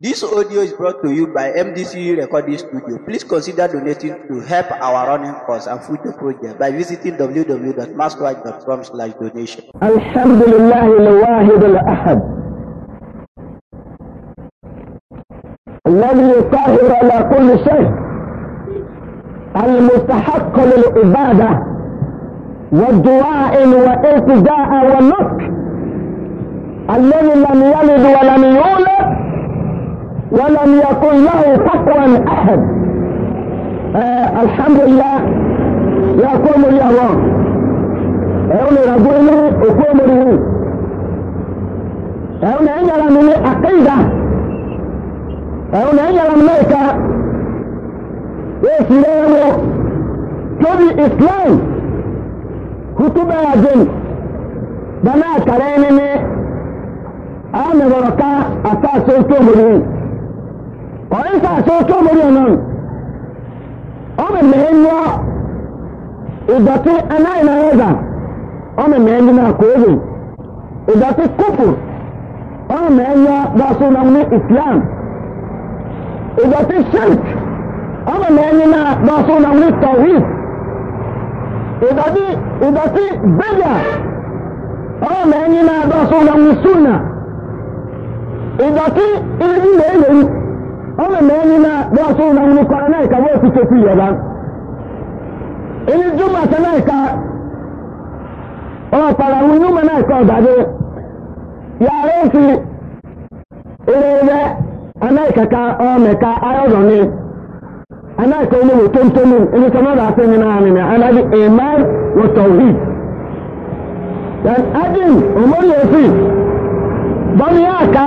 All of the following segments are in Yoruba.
This audio is brought to you by MDCU Recording Studio. Please consider donating to help our running costs and future project by visiting www.maskwatch.com slash donation. Alhamdulillah al-wahid al-ahad. الذي قاهر على كل شيء المستحق للعبادة والدعاء والالتجاء والنصر الذي لم يلد ولم يولد ولم يكن له فقرا احد آه، الحمد لله يقوم اليهوان اون رجل اقوم له اون انجل من عقيدة اون انجل من ملكة ايش ليه كل اسلام كتب يا بنات بما انا بركا اتاسو اقوم اليهود ọ̀rẹ́ sàṣọ tó mórí ọ̀nà ọmọ mẹ́rin wọ ìdọ̀tí anáìnà ẹ̀dà ọmọ mẹ́rin ní àkóyè ìdọ̀tí kófù ọmọ mẹ́rin wọ bọ́sù náà ní islam ìdọ̀tí shirk ọmọ mẹ́rin náà bọ́sù náà ní tawhid ìdọ̀tí ìdọ̀tí bẹ́dà ọmọ mẹ́rin náà bọ́sù náà ní sunna ìdọ̀tí ìdílé ìlú ọmọ mẹ́rin na bọ́ọ̀ sóhun náà ní kwara náà ìka bọ́ọ̀ ti tóbi yọba ẹni dúmọ̀ sẹ́ náà ìka ọ̀rọ̀ para wọn inú mọ̀ náà ìka ọ̀dàdé yàrá òsì ìrẹ̀rẹ̀ anáìkàkà ọ̀mẹ̀ka ayọ̀dọ̀ ni anáìkà olówó tóntónú ẹni sọ náà dàásẹ̀ nínú àná ni anáàdì ìmọ̀ wọ̀tọ̀ wí. adìm òmórí èsì bọ́ni yá àká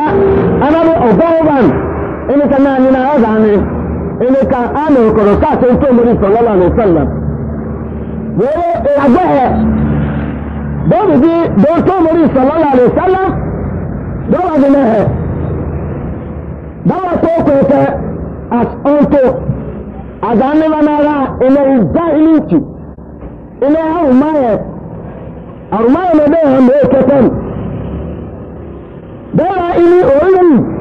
anáàdì ọ̀gbọ́n ini ka naanị na ọ ga-anị ini ka a na-ekọrọ kaatị nke omori sọlọla na sọlọ were ịyagbe ha dọọbụ gị dọọ nke omori sọlọla na sọlọ dọọbụ gị na ha dọọbụ ka o kwete as unto azanịba n'agha ile ịza ile ichi ile arụmahịa arụmahịa na-ebe ha ma o e kete m dọọbụ ili oriri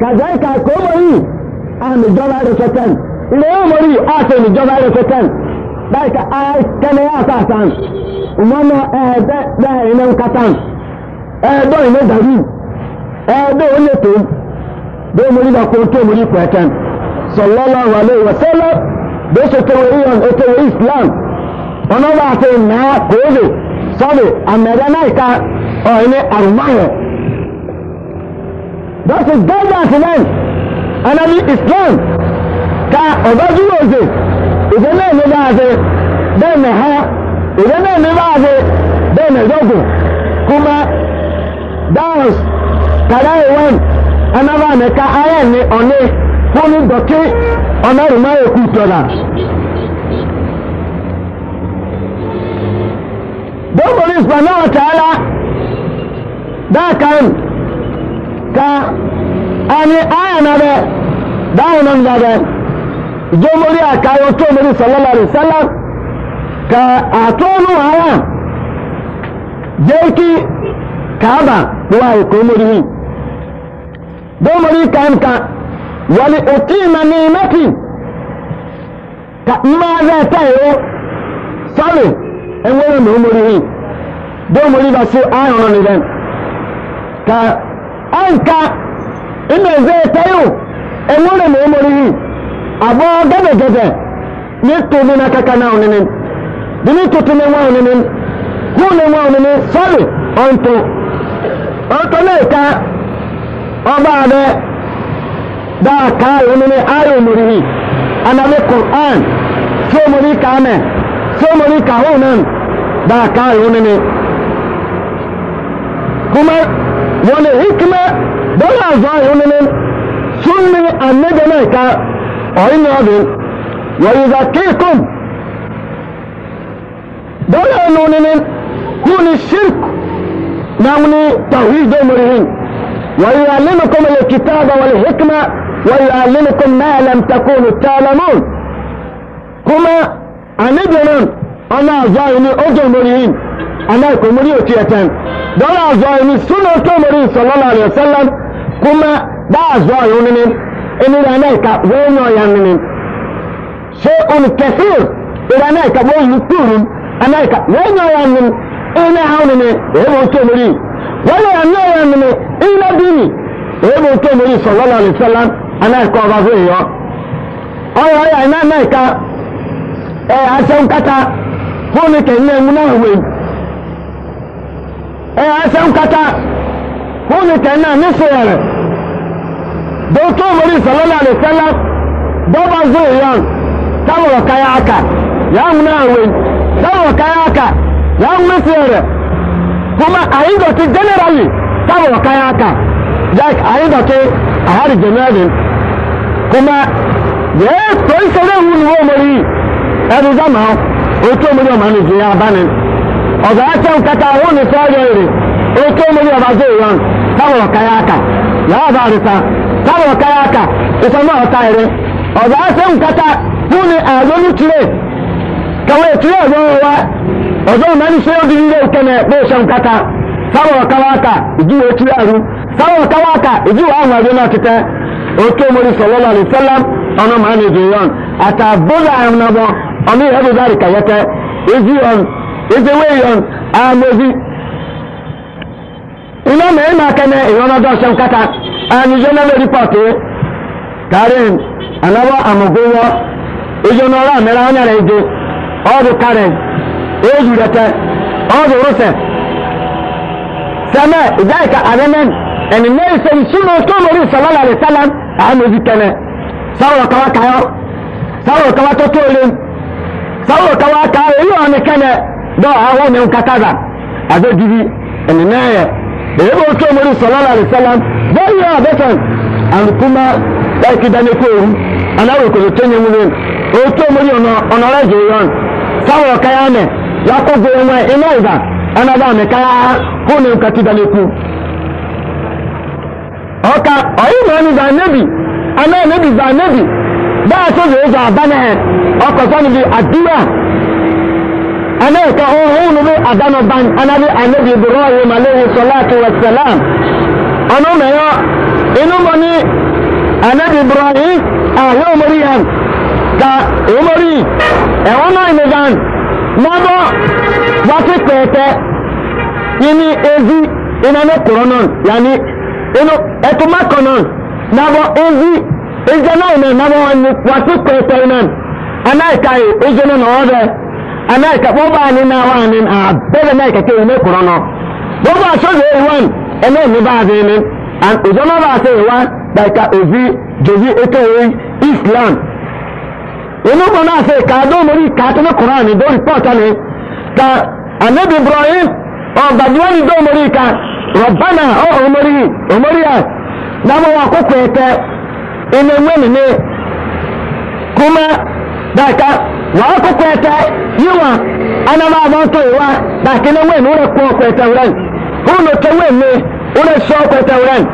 kàdáìkà kò mọ̀rí àmìjọba rẹ̀ sọ́tẹ̀n ilẹ̀ yóò mọ̀rí àti ìmìjọba rẹ̀ sọ́tẹ̀n dáìkà àkẹ́lẹ́ àtàtàn ìmọ̀nà ẹ̀ẹ́dẹ́ ìlẹ̀ nkátàn ẹ̀ẹ́dọ́ ìlẹ̀ dàrú ẹ̀ẹ́dọ́ ìlẹ̀ tó bẹ́ẹ̀ mọ̀rí bá kó tó mọ̀rí pẹ̀tẹ́n sallallahu alaihi wa sallam bẹ́ẹ̀ sọ tó wọ̀rí yàn ètò wọ̀rí islam ọ̀nà bá a ti nà kóòdù sọ́dù àmẹ́rẹ́ náà ká ọ̀ that is guidance then anabi islam ka ọ̀dájú yóò ṣe ìṣe náà ní bá a ṣe bẹ́ẹ̀ ní ha ìṣe náà ní bá a ṣe bẹ́ẹ̀ ní dọ́gùn kuma dáhùs kàdá ìwọ̀n anaba ní ka ayé ní ọ̀ní fúnni dọ̀kí ọ̀nà ìmọ̀ èkú tọ̀dà. dọ́gbọ̀n ìsìnkú náà tààlà dáàkàn ka ani aya na bɛ daawu na nga bɛ jomori a ka yɔ tó mori sɔlɔlɔ de sɛlɛ ka a tó nu aya jeeki kaaba waayi ko mori yi domori kan ka wali o ti ma ni mati ka mmaa bɛ ta yi o sɔli ɛn wɛrɛ mori yi ọ̀nkà inú ẹ̀zẹ̀ ẹ̀tẹ́yò ẹ̀wọ́n rẹ̀ mọ̀ yìí àbọ̀ gẹ́gẹ́gẹ́gẹ́ ní tóbi náà kẹ́kẹ́ náà nínú dìní tuntun ní wọn nínú kú ní wọn nínú sọ́ọ̀lì ọ̀ntò ọ̀ntò náà ká ọba abẹ dáa káà yìí nínú ayé mọ̀ yìí anabi kur'an tí o mọ̀ ní kàmẹ́ tí o mọ̀ ní kàhónan dáa káà kuma wani hikima dọ́là àzọ àyọ̀ nínú súnmi àmẹ́jọ náà ká ọ̀yìn ọ̀dùn wọ̀nyíza kéèkùn dọ́là ẹnu nínú kú ni shirk náà ní tàwíjọ mọ̀rìhìn ويعلمكم الكتاب والحكمة ويعلمكم ما لم تكونوا تعلمون كما أنجنا أنا زايني أجل مريين annabi ko muri oti eten don a zo ni sunan to muri sallallahu alaihi wasallam kuma ba a zo yi ne ini da annabi ka wonyo ya ne shay'un kathir ila annabi ka bo yi turun annabi ka wonyo ya ne ina hauni ne e bo to muri wala annabi ya ne ila dini e bo to muri sallallahu alaihi wasallam annabi ko ba zo yo ọ̀rọ̀ ya ina annabi ka ẹ̀ àṣẹ nkata fún mi kẹ̀ ń ɛyɛ asɛm kata hone tɛnna ne seɛrɛ dɔwtɔ mori sallallahu alaihi wasallam dɔba zoe yan tabɔ kaya aka yaa ŋuna awen tabɔ kaya aka yaa ŋuna seɛrɛ kuma ayi dɔti generally tabɔ kaya aka like ayi dɔti ahari jɛnɛɛdin kuma yɛɛ tɔn sɛbɛn wuli wo mori ɛdi zama o tó mori o ma ni jɛ ya ba ni ọ̀gá ẹ̀sẹ̀ nkẹta wọn ni sọ ọyọ èrè oké omi ọba zó ìran táwọn ọ̀káyà aka yàrá bá rìta táwọn ọ̀káyà aka ìsọmọ ọ̀tá ẹ̀rẹ́ ọ̀gá ẹ̀sẹ̀ nkẹta wọn ni ẹ̀rọ ní tirẹ̀ kàwé tirẹ̀ ẹ̀rọ wa ọ̀dọ́ ìmọ̀ni sọ yóò di ilé ìkẹnẹ̀ pé ìṣẹ̀ nkẹta táwọn ọ̀káyà aka ìdíwọ̀ tirẹ̀ ẹ̀rú táwọn ọ̀káyà aka ìdíwọ̀ àwọn ẹ̀rọ náà titẹ́ oké omi sọlọ́lá àlùsọ́lá ọ̀nà màá ní ìdè ese wee yon amozi iná mẹ́rin máa kẹ́nẹ́ ìrọ́nọ́dọ́ ṣeun kátà àníjọ́nẹ́lẹ́ rìpọ̀tì karen anáwọ́ àmọ̀gbówọ́ ìjọ́nà ọ̀rọ̀ àmẹ́ra ọ̀nyàrá ìdè ọ̀dù karen èyí rẹ̀tẹ̀ ọ̀dù rúfẹ̀ sẹ́mẹ̀ ìjà ìka àrẹ́mẹ́n ẹni mẹ́rin sẹ́yìn súnmọ́ tó lórí ìsọ̀lọ́lá rẹ̀ sálám àmọ̀zi kẹ́nẹ́ sáwọ̀ kawá kayọ́ sáwọ̀ kawá tó tó lé sáwọ̀ kawá kayọ́ èyí ọ̀ dɔw aho ne nkataza adé didi ɛnene yɛ ebe otu omori sɔlɔlɔ alisalam bɛyɛ abɛtɔn alukuma ɛki dani kowu anawo len otu omori ɔnɔ ɔnɔrɔ ɛdi yɔn sáwọ kaya nɛ yakɔ gbɛ wɔn ɛnɛ ɔza ɛnaba ɔmɛ kaya ho ne nkati dani ku ɔka ɔyi za nebi ana nebi za nebi bɛyɛ abanɛ bi adura. أمريكا أرهون بي أدانا بان أنا بي النبي إبراهيم عليه الصلاة والسلام أنا ميا إنو مني النبي إبراهيم أهلا مريم كا إمري أونا إمدان ماذا واتي كويتة يني إزي إنانا كورونون يعني إنو أتما كونون نابا إزي إزي ناينا نابا واتي كويتة إنان أنا إكاي إزي نانا أوده america wọ́n bá ní náà wà ní abẹ́rẹ́ náà kẹ̀kẹ́ ìwé kúrọ́ náà wọ́n bá sọ́dọ̀ èyí wọn ẹ̀mí ẹ̀mí bá a dín ní ìjọ náà bá a sẹ́yìn wá dàkà òbí jòzí ètò ìwé islam inú kan náà sẹ́yìn ká dó lórí kàtó ní kúrọ́ ní dó rìpọ́tà ní ka anabi ibrahim ọ̀gbàdúrà ní dó lórí ka rọ̀bánà ọ̀ ọ̀mọ́rí ọ̀mọ́rí à dábọ̀ wọn àkókò ẹ̀tẹ́ inú ẹ̀wẹ́ nìyẹn kúmá daka wa ko kwete yiwa ana ma ma to yiwa da kene we no re ko kwete wuran ko no to we me ure so kwete wuran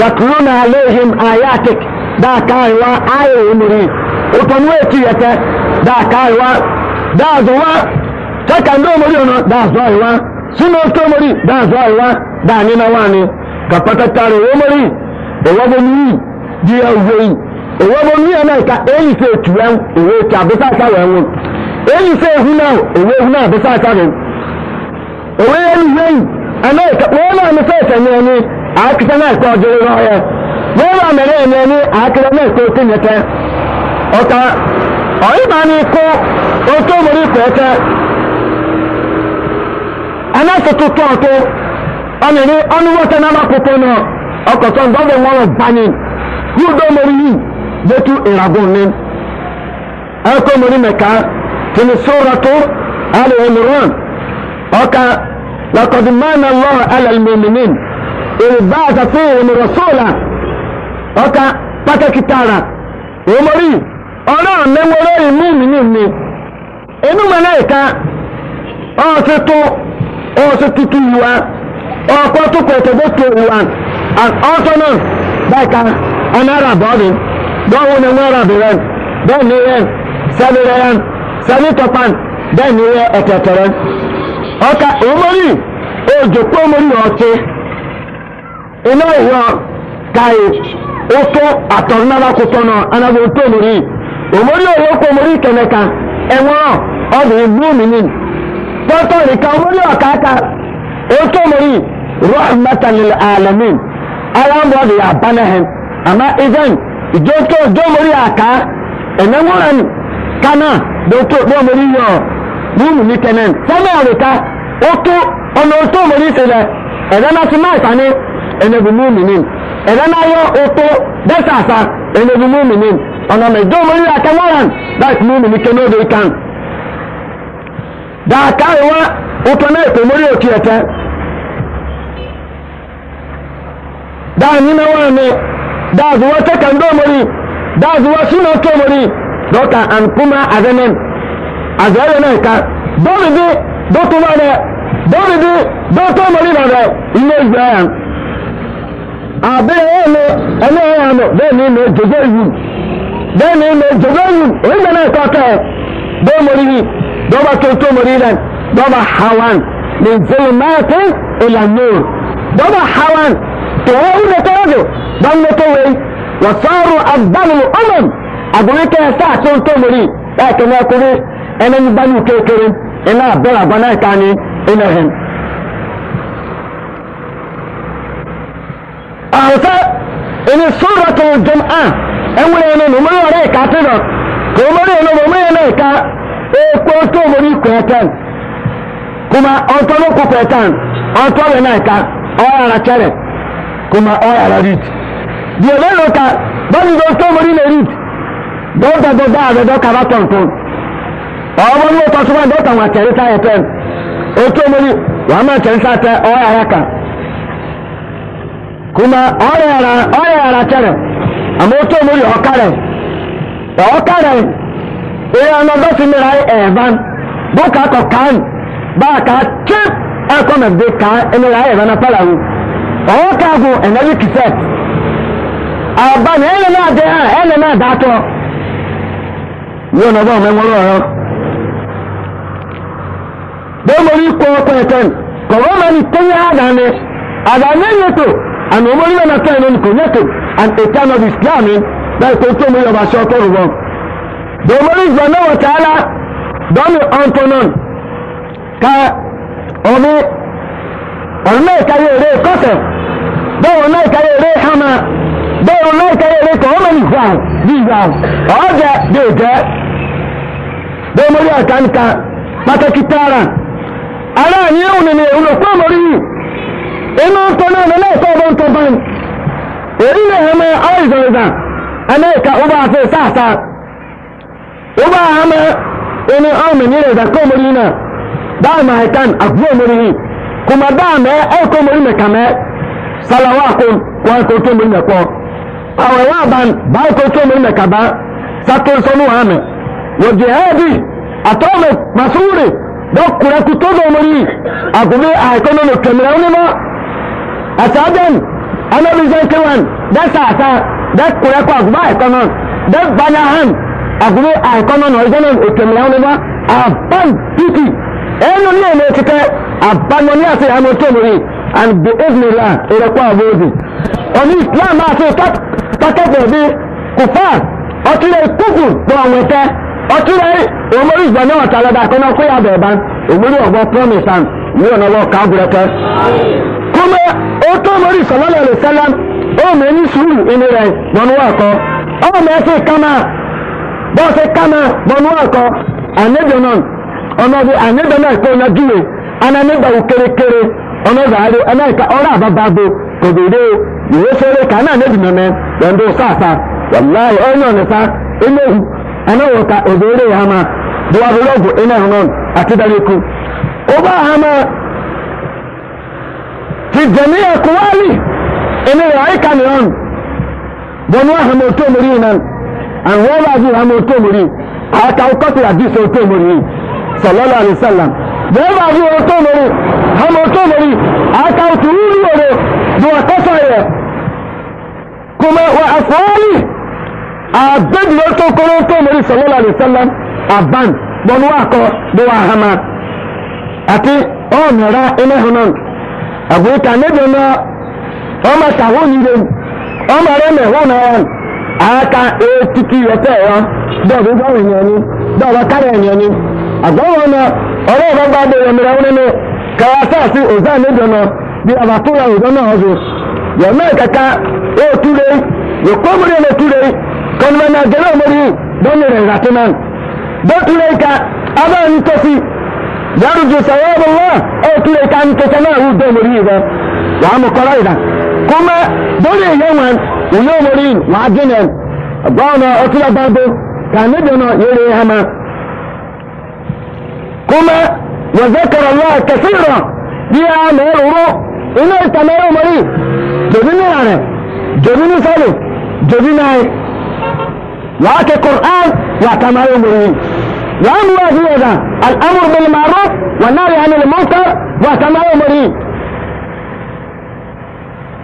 yatluna alaihim ayatik da kaiwa ayo umuri utonwe ti yete da kaiwa da zuwa taka ndo mori ono da zuwa yiwa sino to mori da zuwa yiwa da ni na wani kapata tare wo mori e wo bo ni di awo yi ewe mo mmea na nka eyi sɛ etu wɛn ewe etu abesa asa wɛn wo eyi sɛ ehu na ewe ehu na abesa asa wɛn ewe yɛ ni hwɛ yi ɛna ɛka wɔn na ne sɛ ɛtɛnɛ ni akita na ɛkɔ ɔgyere na ɔyɛ wɔn na mɛrɛ ɛnɛ ni akita na ɛkɔ ɔte nyɛtɛ ɔka ɔyɛ maa ni ko ɔtɔ mori kɔ ɛtɛ ɛna tutu tɔɔto ɔne ni ɔne wɔtɛ na ba koto no ɔkɔtɔ ndɔbɔ wɔn wɔ banyin kudo mori yi betu irabuni ɛkɔ mu ni mɛka tini suratu ali imran ɔka lakɔd mana lɔr ala lmuminin ilbaasa fihim rasula ɔka pàtàkì tààrà omori ɔrɔ mɛmɔrɔ imuminin ni inu mana ika ɔsi tu ɔsi tutu yiwa ɔkɔ tukɔ ɛtɛ bɛ tu yiwa and also now bɛka ɔnara bɔɔdi don wani mara biran don ni yen sani rayan sani topan don ni yen ọtẹtẹrẹ ọka omori ojoko omori ọtí iná ìwọ kàì oto àtọ̀rọ̀nàlá kòtò náà anabi oto omori omori òwòkò omori kẹmẹka ẹwọn ọdún ìlú mìíní pọtọ nìka omori ọkàkà oto omori rahmatan lil alamin alambo de ama idan ìjókè òjò mórí àká ẹ̀nẹ́wọ́ràn kaná lókè òpó mórí yọ múùmù ní kẹ́nẹ́ sẹ́mẹ̀ àrètá ó tó ọ̀nà òtó mórí sílẹ̀ ẹ̀rẹ́ náà ti máa ìtàní ẹ̀nẹ́bù múùmù ní ẹ̀rẹ́ náà yọ òtó dẹ́sàsà ẹ̀nẹ́bù múùmù ní ọ̀nà mẹ́jọ mórí àká wọ́ràn láti múùmù ní kẹ́nẹ́ òde kan. dàkà ìwá òtó náà èkó mórí òkè ẹ̀tẹ́ dáa nínú wọn ni da zuwa ta kan domori da zuwa suna tomori doka an kuma a zanen a zare nan ka dole bi do tuma ne dole bi do tomori na da ile zayan abin yana ana yana da ni ne jojo yi da ni ne jojo yi inda na ka ka domori ni do ba to tomori nan do ba hawan min zulmatin ila nur do ba hawan tòun lè tọ́jú bá ń lè tó wẹ̀ wọ́n sọ̀rọ̀ agbálùmọ̀ ọmọm àgbọ̀nrín kẹta tó ń tó mọ̀rí láìpẹ́ ní ọkùnrin ẹni ní bá ní kékeré iná àbẹ̀rẹ̀ àgbọ̀n náà ká ní iná ẹ̀hìn. àwùjọ ìní sọ̀rọ̀ tó jẹun à ẹ̀wọ̀n ẹni ní mọ̀rí ọ̀rẹ́ ìka tó lọ kò mọ̀rí ẹni mọ̀rí ẹni ìka èkó tó mọ̀rí kọ̀ẹ̀tàn kùmà ọ̀tọ́ ló kù kọ̀ẹ̀tàn ọ̀tọ́ kuma oya na read di obelo ka bani go sto mori na read don ta go da do ka ba ton ton o mo ni to so do ta wa tere ta eten o to mori wa ma tere sa ta oya ra ka kuma oya ra oya ra tere ama o to mori o ka re o ka re e ana do si mi ra e van bo ka ko kan ba ka chip e ko me de ka e mi ra e van na pala wo ɔwɔ kaago ɛna yɛ kisɛt aba na ɛna na adi a ɛna na ada atɔ yɛ ɔna ɔba ɔmɛ ŋɔlɔ ɔyɔ bɛmɔri kɔ ɔkɔ ɛtɛn kɔwɔ ma ni tɛnyɛ adane adane yɛ to ana ɔmɔri yɛ na tɔ ɛna niko yɛ to and a time of islam yi na ɛkɔ tó mu yɛ ɔba sɛ ɔtɔ rubɔ bɛmɔri zɔ ne wɔ taala dɔmi ɔntɔnɔn ka ɔbi ɔlọ́ọ̀ka yóò rè kọ́sẹ̀ bẹ́ẹ̀ náà kẹ́rẹ́ eré hàmà bẹ́ẹ̀ náà kẹ́rẹ́ eré kọ́ ọmọ ní zan bí zan ọ̀ọ́dẹ bí jẹ́ bẹ́ẹ̀ mọ́rí àkànkà pàtàkì tààrà ara àyè òun ni èwù lọ fún àmọ́rí yìí inú ń tọ́nà ọ̀nà náà sọ ọ̀bọ̀n tó bá ń èrí lè hàmà ọ̀ìzọ̀ ìzà anáìka ọba àfẹ́ sáàsá ọba àhàmà inú ọ̀nà ní ìrẹ̀zà kọ́ ọmọrí náà dáàmà ẹ̀kan àbúrò ọmọrí yìí kùmà dáàmà ẹ̀ kọ́ ọmọrí salawakun wọn kò tó mi nà kọ àwọn ban bá kò tó mi nà kaba sato sọnù wà mí wọ́n jẹ ẹ́ẹ́dì àtọ́mẹ̀ màsúwìrì dọ́kùnrin kò tó dọ̀mọ́ yìí àgùnbí àìkọ́nà lò kẹ̀mìrẹ́ onímọ̀ àtàdẹ́n anabi zankewan dẹ́sà àtà dẹ́kùnrin kò àgùnbá àìkọ́nà dẹ́gbànyà hàn àgùnbí àìkọ́nà nà ọ̀jẹ́ náà òkèmìrẹ́ onímọ̀ àbán títì ẹnu ní èmi òkìtẹ́ àbánmọ́ ní àti àmọ́ tó mọ̀ yìí. and the evening erekwa abozi ọ̀nà islam àti pátákó bí kùfà ọtúlẹ̀ ìkókù tó àwọn ẹ̀tẹ́ ọtúlẹ̀ òmórí ìgbàna ọ̀tà lọ́dà kọ́nà kó yà bẹ̀ bán òmórí ọ̀gbọ́n promise am ní ọ̀nà ọwọ́ káàbùrẹ́tẹ́. kúmẹ́ ó tó mórí ìsọ̀lọ́lẹ̀ lè sẹ́lá ó mẹ́ ní sùúrù inú rẹ̀ bọ̀nú àkọ́ ó mẹ́ sí kámá bọ́ọ̀sì kámá bọ̀nú àkọ́ ànẹ́bìọ̀nà ọ̀nà bí ànẹ́bìọ̀nà ìkọ́ ọlọ́gàárì ẹlẹ́ẹ̀ka ọ̀rọ̀ àbábágbó kòdòdó ìwé sẹ́lẹ̀ kan náà níbi nàmẹ́ lọ́ndọ̀ sáàsá wàláyé ọ̀nà nìta eléwu anáwọ̀ka òdòdó hama buwabulọ́gù iná ẹ̀hónán àti dáríkù. ọba hama ti jẹ̀mí ẹ̀kọ́ wálì ẹni rẹ̀ ayíká nìyọ́n bọ́nú hama òtó mòrí iná àwọn ọba àti hama òtó mòrí àkàwọ́ kọ́tù àdìsọ òtó mòrí sọlọ́lá àlùsálàm bọ́nú àti òtó hama saurari a kawturu yoro da wata saye kuma wa afuwali a dadiyar tokoron saurari sallallahu alaihi sallam a ban don wako da wa hama ati ọmọra ẹlẹ́hùnán àbúkà níbi náà ọmọ tàwọn nílé ọmọ rẹ mẹwọn náà wọn àáka ètùtù yẹtẹ wa dọ̀bí bọ́ọ̀rù yẹn ni dọ̀bọ̀ kárẹ̀ yẹn ni àgbọ̀wọ̀ náà ọ̀rẹ́ ìfọ̀gbà bẹ̀rẹ̀ mìíràn wọn nínú kawa sa si oza ne dɔnɔ bi abatura ozɔnɔ ɔzo yɔmɛ kaka o ture yokomori ne ture kɔnubana gɛlɛ omori dɔnni rɛ ratuna dɔ ture ka aba ni tɔsi yarudu sawabu wa o ture ka ni tɔsɛ naa wu dɔmori yi bɛ waa mu kɔrɔ yi la kuma dɔnni yɛ wɔn wuli omori waa gɛnɛ gbɔɔnɔ ɔtura وذكر الله كثيرا bí a mẹ́rù rọ́ iná ìta mẹ́rù mọ́rí jòbí ní ààrẹ jòbí ní sọ́lù jòbí náà wàá kẹ kọ̀ọ̀án wàá ta mẹ́rù mọ́rí wàá mú wájú ẹ̀dá al'amur bil maro wà náà yà ní mọ́tà wàá ta mẹ́rù mọ́rí.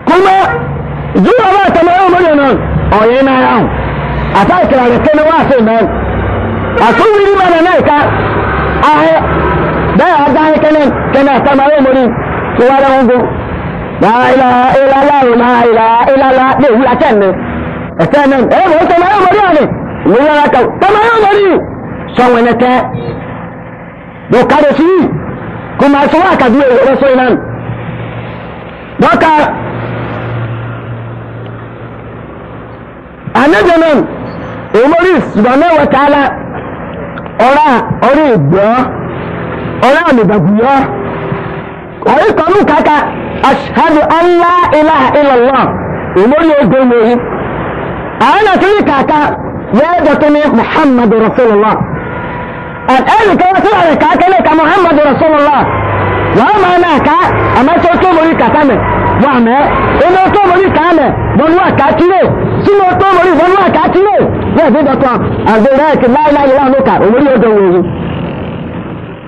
kuma zuwa ba ta mẹ́rù mọ́rí náà ọ̀yẹ́ náà yà hàn àtàkìrà rẹ̀ kẹ́ni wá sí náà àtúwìrì mọ́ra náà ká ahẹ́ bẹ́ẹ̀ adáyé kẹ́lẹ́ kẹ́lẹ́ àtàmà yóò mọ̀ ní ìwádà wọn gbó. láìlà ìlàlá ò láìlà ìlàlá lè wúlò àtẹ̀ ní ẹ̀tẹ̀ ní ẹ̀ mọ̀ ọ́n tẹ̀mà yóò mọ̀ ní àná ìwé yàrá kan tẹ̀mà yóò mọ̀ ní. sọ̀wọ́n ní tẹ́ ló kárẹ̀ sí yìí kò máa sọ àkàdé èrè sọ iná nù. dọ́kà anájọ́nà èmórí ìsìnkú ọ̀nà ìwọ̀ta ọ̀rá ọ̀rẹ́ ìgbọ́ ọ̀rẹ́ àlùdàgùyọ́ ọ̀rẹ́ kanú kàkà ashhadu an la ilaha illallah olórí ogun lóyún àwọn àti ní kàkà yẹ́dọ̀ tó ní muhammadu rasulullah ẹ̀ẹ́dì kan wọ́n sílẹ̀ kàkà ní ka muhammadu rasulullah wọ́n máa náà ká àmọ́ tó tó lórí kàkà mẹ́ wà mẹ́ inú tó lórí kàá mẹ́ wọn wà ká kílè sínú tó lórí wọn wà ká kílè wọ́n fi dọ̀tọ̀ àgbèrè ẹ̀kì láìláìláà lóka olórí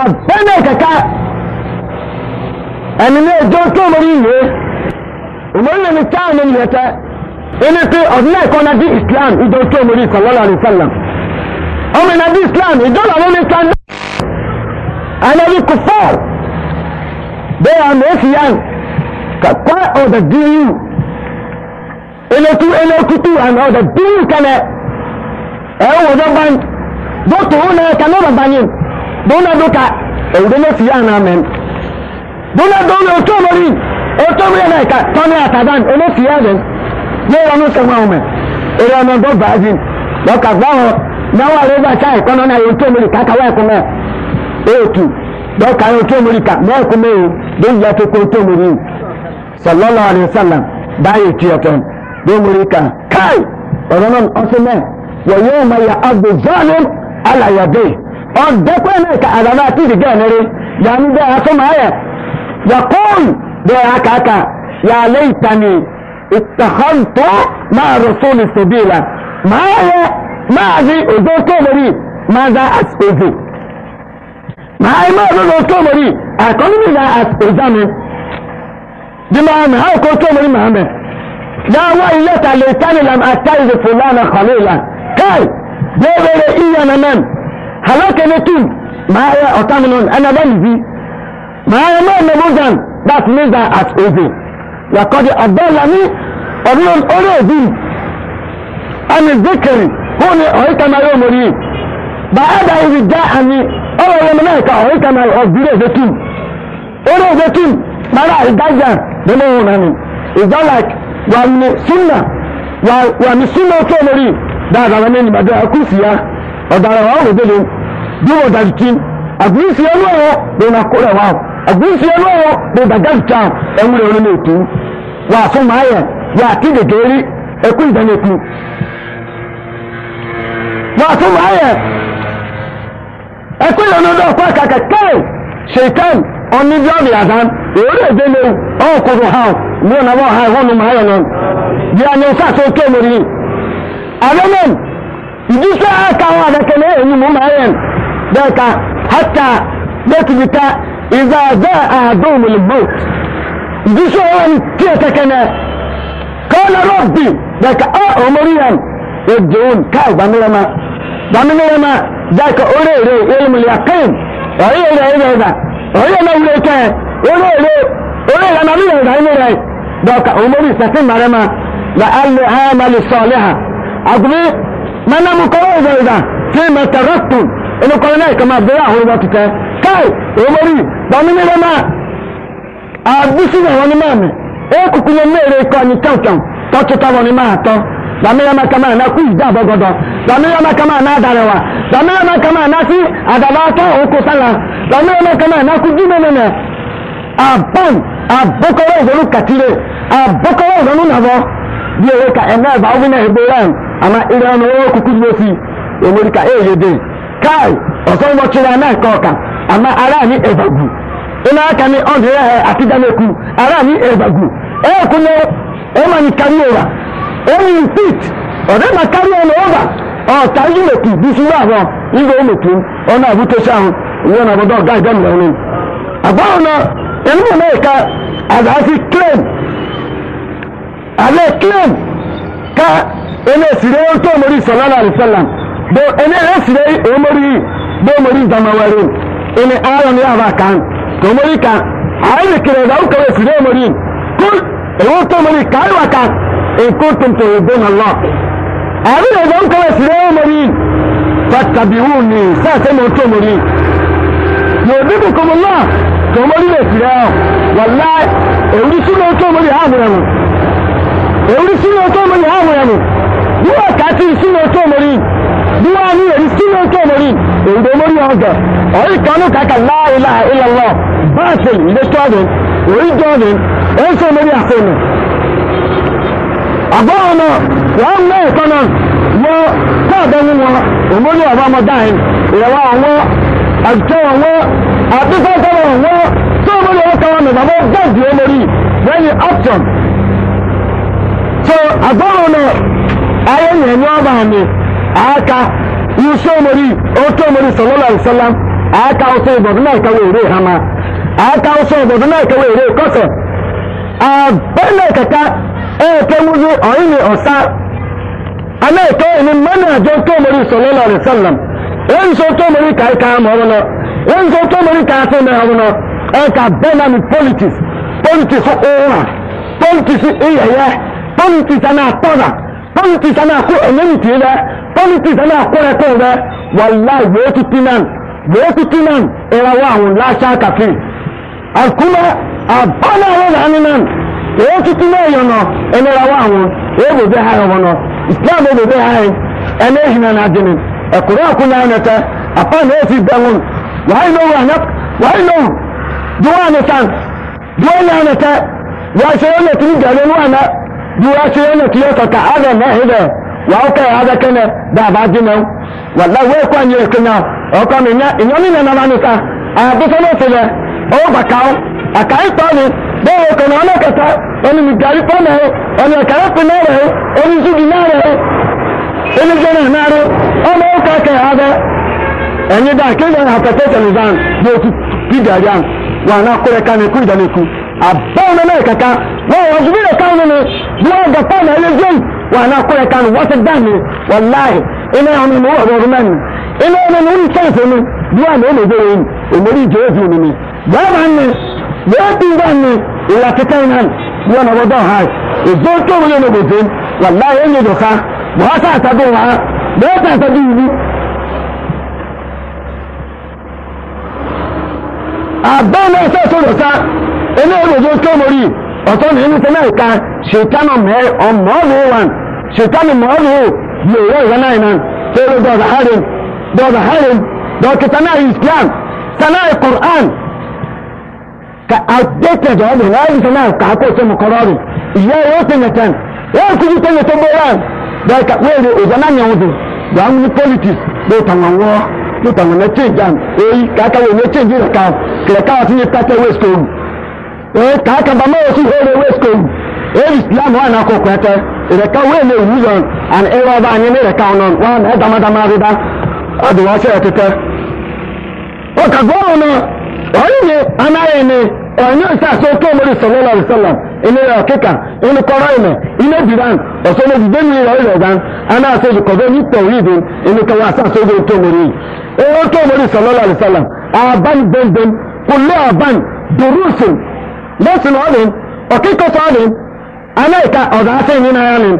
àfẹ́lẹ̀ kẹ̀kẹ́ ẹni ní ẹjọ́ tó lórí ìwé òmòrìnà ní táwọn ẹni yẹtẹ ẹni pé ọdún ẹ̀kọ́ náà di islam ìjọ tó lórí sọlọ́lá rẹ sọlá ọmọ ìnàdí islam ìjọ làwọn ní sọlá ẹni kò fọ́ bẹ́ẹ̀ àmì èsì yàn kọ́ ọ̀dọ̀ dín yìí eléku eléku tu àmì ọ̀dọ̀ dín yìí kẹlẹ̀ ẹ̀ wọ́n dọ́gba dọ́tò ó náà kẹlẹ́ ọ̀dọ̀ bá yìí dona do ka ewudele fi ya na mɛn dona do le oto mori oto mori na ka tɔni atadan ele fi ya mɛn ne yɛrɛ no sɛŋ awo mɛ ere ɔnɔ do baazi lɔka gbɔwɔ n'awo ale ba sa ɛkɔnɔ na ye oto mori kaka wa ɛkɔnɔ eotu do ye oto mori ka mɛ ɛkɔnɔ ye do yi ɛto ko oto mori sɔlɔlɔ alayi salam ba ye tiɛ tɔn do mori ka kai ɔrɔnɔ ɔsɛ mɛ wɔ yɛ ɔma ya abu zalim ala ya bee. ọ̀dẹ́kọ̀ ẹ̀mẹ́ka àdàbà tí ìdí gẹ̀ẹ́nẹ́rẹ́ yàmí bẹ́ẹ̀ asọ́mọ ayẹ yàkóòlù bẹ́ẹ̀ akáka yàlẹ́ ìtàní ìtàkọ́ntọ́ máa rọ̀sọ́ọ̀lù sọ̀bìlà máa yẹ máa di òjò tóòmórì máa dá àtòjò máa yẹ máa dọ́dọ̀ tóòmórì àkọ́nùmí dá àtòjánu bí máa mẹ́ àwòkọ́ tóòmórì máa mẹ́ dáwọ́ ilé tàlẹ́ ìtàní làm àtàlẹ́ fúlànà kọ́lé yà káì bẹ́ẹ̀ bẹ́ẹ̀ ìyànà mẹ́rin. halakene tu maaya ọtaminon ẹna bẹni bi maaya náà nebuzan that means that at oze yakọdi abẹlami ọdún orí òbí ẹni zikiri hún ni ọ̀rí kan náà yóò mọ̀ yìí bàádà ibi já àmì ọ̀rọ̀ wọn náà ka ọ̀rí kan náà ọ̀bírí òze tu orí òze tu mara àrídájà nínú òun náà ni ìjọ like wà ní sunna wà ní sunna tó mọ̀ yìí dáadáa wọn ní ìbàdàn akúsìyà ọ̀daràn wọn ò gbélé duba da jikin agbisi ya nuwa da na kura wa agbisi ya nuwa da da gabta ɗan wuri wani ne tu wa fun maya ya ti da gari e kun da ne tu wa fun maya e kun da nodo kwa kaka kai shaitan oni bi obi azan ore de le o ko do ha ni na ba ha honu maya non ya ni fa so ke mo ni abemen idisa ka wa da kele enu mo ذاك حتى نتبت إذا جاء دوم الموت بشعور كيتكنا قال ربي ذاك أه مريم يدعون كاو باملما باملما ذاك أريري علم اليقين أريري إذا إذا أريري أوليك أريري أريري أنا أريري إذا أريري ذاك أمري سكين مريم لأل عمل صالحة أقول من نمكوا إذا إذا فيما تركتم ẹni kọ́ náà kama bẹ́rẹ̀ àhórí bá tutẹ́ káì òmórí bàmí nílẹ̀ náà àbúsí àwọn ní máa mi ó kúkú ní mẹ́rẹ̀ ikọ̀ ní tẹ̀wọ̀tẹ̀wọ̀ tọ́tù táwọn ní máa tọ́ dàmíyàn máa kàmáà náà kú ìjà àbọ̀gọ́dọ̀ dàmíyàn máa kàmáà náà dàrẹwà dàmíyàn máa kàmáà náà sí àdàbàtọ̀ òkú sálà dàmíyàn máa kàmáà náà kú jùmọ̀lẹ́nà àbọ̀n àbọ̀kọ̀rọ̀ ìdọ̀nù kàtìrẹ̀ àbọ̀kọ̀rọ̀ ìdọ̀nù nàbọ̀ bí ewé ka ẹ̀ náà bá wí náà ìgbéyàwó àmà ìrànlọ́wọ́ kúkú ló fi èmọ̀ríkà èèyàn dé kai ọsọ ụbọchị na anaghị ọka ama ara anyị ebagu ịna aka ni ọ dịrị ha atịga n'ekwu ara anyị ebagu ekwunye enweghị ụra fit ọ dị ma karịa ọnụ ụba ọta ndị mekwu bisi nwa abụọ igwe ọ na ahụ na ọga ọnụ abụọ na enugwu ka azazi claim ala ka esiri onye omori do ene esire omori do mori zamawari ene aron ya ba kan to mori kan ayi ne kire da uka esire omori kul e wo to mori kai wa kan in kuntum tuhibbuna allah ayi ne da uka esire omori fattabiuni sa se mo to mori yudibukum allah to mori esire o wallahi ewuri sinu to mori ha mu yamu ewuri sinu to mori ha mu yamu Bí wọ́n kà á ti sínú ọtọ́ mọ́rí yìí diwaani yeri sinoo keenari endomori yanga oyi kanu kaka laa ilaha illallah baatil ile tɔɔdin oyi dɔɔdin enso mori afeenu agbɔɔna wɔn mɛn kɔnɔ wɔ kɔɔdɛ ŋun wɔ omori ɔba mo dan ìrẹwà àwọn àjọ àwọn àdúgbòsọ̀rọ̀ àwọn tí omori ọkọ̀ wọn nìgbà wọn bẹ́ẹ̀dì omori lẹ́yìn option so agbɔɔna ayé yẹn ní ọba mi aka iṣẹ́ omori mori sallallahu sọlọ́lá ìṣọ́lá aka ọsọ ìbọ̀dún náà kẹwé èrè hama aka ọsọ ìbọ̀dún náà kẹwé èrè kọsẹ̀ abẹ́lẹ̀ kẹta ẹ̀ẹ́kẹ́ wúzú ọ̀yìn ni ọ̀sá amẹ́ẹ̀kẹ́ ni mọ́nà àjọ tó omori sọlọ́lá ìṣọ́lá ẹ̀ǹsọ tó omori kàíkà mọ́rọ́ náà ẹ̀ǹsọ tó omori kàáfẹ́ mẹ́rọ́ náà ẹ̀ka bẹ́ẹ̀ ni politics politics ọ̀hún oh, oh, oh, politics ìyẹ̀yẹ eh, politics àná àtọ́nà politics ana akó ẹ̀yẹ́nì tì í bẹ́ politics ana akó ẹ̀kọ́ bẹ́ wàlá ìwé tuntun náà ìwé tuntun náà ìràwọ̀ àwọn láṣà kàfé àkúmọ àbọ̀nà àwọn làánú náà ìwé tuntun náà yọ̀ nọ ìràwọ̀ àwọn èèbò bẹ́ ha ọmọ nọ islam èèbò bẹ́ ha ẹni ehìnà náà dìní ẹ̀kúrẹ́ àkúnyà ẹ̀nẹ́tẹ́ apá ní èsì bẹ́wọ̀n wàá ìlú wàá ìlú dùwọ́ ànẹ́tẹ́ dùwọ́ ànẹ́tẹ́ wàá ìṣẹ́yọ́ biya shi yana tiyo ka ka aza na hida wa ka ya da kana da ba jinan wallahi wai kwa ne kana o ka min na inyo min na na ni ka a bi sano tele o ba ka a ka yi ta ni da o ka na na ka ta oni mi gari pa na oni ka ya pa na re oni su gi na re oni je na na re o ma o ka ka ya da enyi da ke ya ha ta ta ni zan bo ti gari an wa na ko re ka ni ku da ni ku abban na mai kaka wani wasu bi da kanu ne buwa ga kanu ya zai wa na kure kanu wasu dani wallahi ina yana mu wa zuwa nan ina yana mu ni sai sai ni buwa ne ne zai yi umuri je su ne ba ba ne ya bi ba ne ila ta kai nan buwa na wadon eléyìí ló tó mọ̀ rí ọ̀tọ́ ní ẹni tẹ́lẹ̀ ká ṣètánà mọ́ọ̀lù wọn ṣètánà mọ́ọ̀lù yòówó ìwọ náà iná tẹ́lẹ̀ dọ́ọ̀dà harim dọ́ọ̀dà harim dọ́ọ̀kìtà náà islam tẹ́lẹ̀ quran ka outdated ọ̀dọ̀ náà ẹni tẹ́lẹ̀ ká kó tó mọ̀ kọ́rọ́ rẹ̀ ìyá yóò tẹ̀lẹ̀ tẹ́n wọ́n kú tẹ́lẹ̀ tó bọ́ọ̀rọ̀ dọ́ọ̀kà wẹ́ẹ̀rẹ̀ ọ̀dọ̀ náà yẹn wọ́n dọ̀ àwọn politics ló tàwọn wọ́ ló tàwọn lẹ́tẹ̀ẹ̀jà èyí change lẹ́tẹ̀ẹ̀jì rẹ̀ ká kẹ̀kẹ́ àwọn tí ní pàtẹ́wé stone ee eh, ka aka ba mawa si hore west kogu ee eh, islam wa na ko kwete reka we na wuzon an era ba anyi ne reka onon wa na dama dama rida adu wa se etete o ka go ona oyi ne anaye ne onye nsa so to mori sallallahu alaihi wasallam ene ya kika ene kora ene ene bidan oso ne bidan e ni ya ile dan ana se ko do ni tawhid ene ka wa sa so do to mori e o to mori sallallahu alaihi wasallam aban ben ben kullu aban durusun bẹ́sìn ọ̀nìm ọ̀kíkọ̀tà ọ̀nìm aláìka ọ̀dà àti ìyìn náà ọ̀nìm.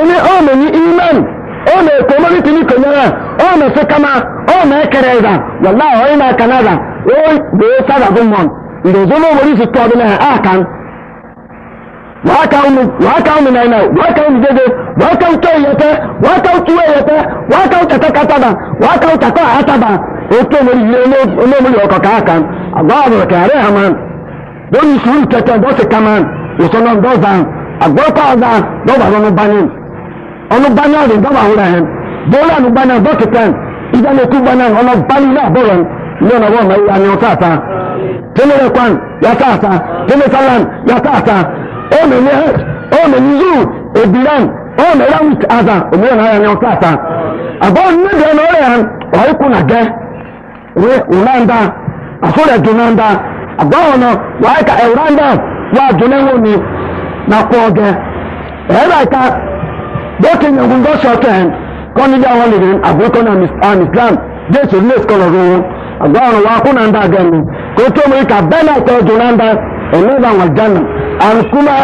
ilé ọ̀nà ní imán ọ̀nà èkó mọ́rìtì ní kònyẹ́rà ọ̀nà sikama ọ̀nà ẹ̀kẹrẹ ẹ̀dà wàlá ọ̀yìn náà kanada ó gbé sábà fún mọ́n ìdòzó ló mọ̀rí sí tọ́ọ̀dún náà àkàn wakaunu wakaunu naina wakaunu dede wakauto yete yete kataba ataba onomori ọkọ kaaka agbọọbọ kẹrẹ haman lórí sùúrù tẹtẹ dọsẹ kaman ìsọnà dọzà agbọkọ ọzà dọba ọlọnubanyin ọlọnubanyin ọdẹ dọba ọhúnra yẹn bọọlù ọlọnubanyin dọkítẹ ìdánilẹkù gbanan ọlọnubanyin náà bọlọ ní ọ̀nà wọn ọmọ ìyá ni kwan o ní hajj ebiran ọ̀nà round aza òmìnira náà yẹn ọ̀tá àtà àbọ̀ níbi ẹ̀nà ọ̀rẹ́ yẹn ọ̀rẹ́ na nàgẹ́ wẹ́ ọ̀nàndà àfọ̀rẹ́ dùnàndà àbọ̀ ọ̀nà wàá ka ẹ̀wùràndà wà dùnẹ́wò ni nà kọ́ ọ̀gẹ́ ẹ̀rọ na dókè nyẹ̀gùn gọ́ṣọ̀ tẹ̀ kọ́nìjà wọn lè rìn àbúkọ́ nwa أن كما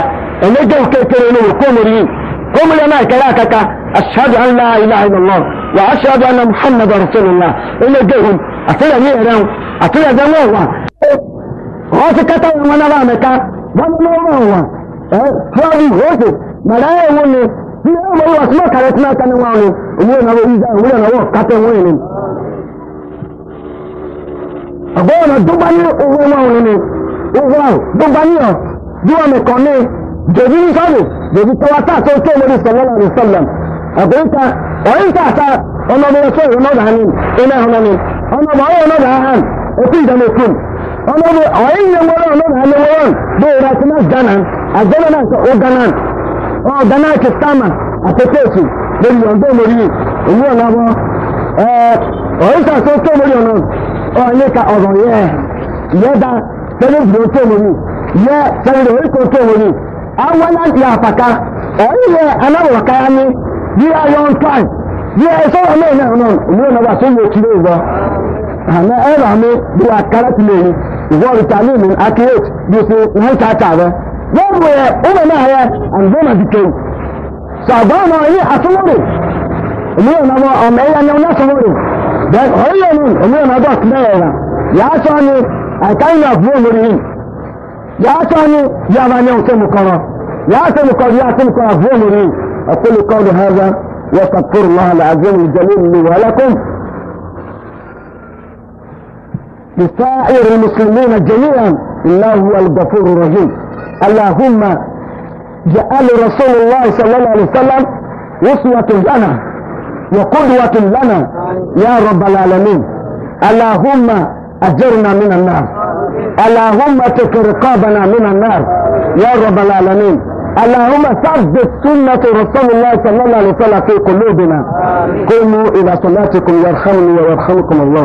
نجو كتيرين وكمري قم لنا كلاكك أشهد أن لا إله إلا الله وأشهد أن محمد رسول الله إن جهم أتلا ميرام أتلا زموا أه؟ غوث كتا ومن رامك ومن رامك فهذه غوث ملايا وني في يوم الله اسمك على اسمك نواني ومن رو إذا ومن رو كتا وين أقول الدباني وغوانيني وغوانيني díwọ̀ nìkan ní jòjú ní sọ́ọ̀bù jòjú tó wá sáà tó tó mórí sọ̀lọ́lá rẹ̀ sọ̀lọ́m àgbẹ̀yìntà ọ̀yìntà àta ọlọ́bìnrin tó ìrìn náà ní ilé ọ̀nà ni ọlọ́bà ọ̀yọ̀ náà hàn òkú ìdáná òkú ọlọ́bì ọ̀yìn yẹn wọ́n náà náà ní wọ́n bí ìrà tí náà gánà àgbẹ̀rẹ̀ náà sọ ọ̀gánà ọ̀gánà ti sáàmà àtẹ̀tẹ̀ẹ̀sì lórí ọ̀dọ́ mórí èyí ọ̀nà bọ́ ọ̀yìntà tó tó mórí ọ̀nà ọ̀yìnkà ọ̀rọ̀ yẹ yẹ da tẹ́lẹ̀ yɛ sɛnɛdɛ oyi kɔntɔ wɔli awala yɛ apaka ɔyi yɛ anawɔ kaya ni yi yɛ yɔn tɔn yi yɛ sɔ wɔn mɛyin náà nɔ ɔmu yɛ nɔba so yɛ tiri yɛ bɔ ana ɛna mi bi wa kara ti lɛ yi wɔri ta ni mi akiyet bi si wu ta ta bɛ wɔn mu yɛ ɔmu yɛ yɛ anzoma ti kɛyi sɔgbɔn na ɔyi asomori ɔmu yɛ nɔba ɔmu yɛ nyɛ ɔmu yɛ sɔmori bɛ ɔyi yɛ nu ɔmu yɛ nɔba ɔmu يعطاني يعني يوتم قرار يعطم يا يعطم قرار ظهري أقول قولي هذا واستغفر الله العظيم الجليل لي ولكم لسائر المسلمين جميعا الله هو الغفور الرحيم اللهم جعل رسول الله صلى الله عليه وسلم أسوة لنا وقدوة لنا يا رب العالمين اللهم أجرنا من النار اللهم تك رقابنا من النار يا رب العالمين اللهم ثبت سنة رسول الله صلى الله عليه وسلم في قلوبنا قوموا إلى صلاتكم يرحمني ويرحمكم الله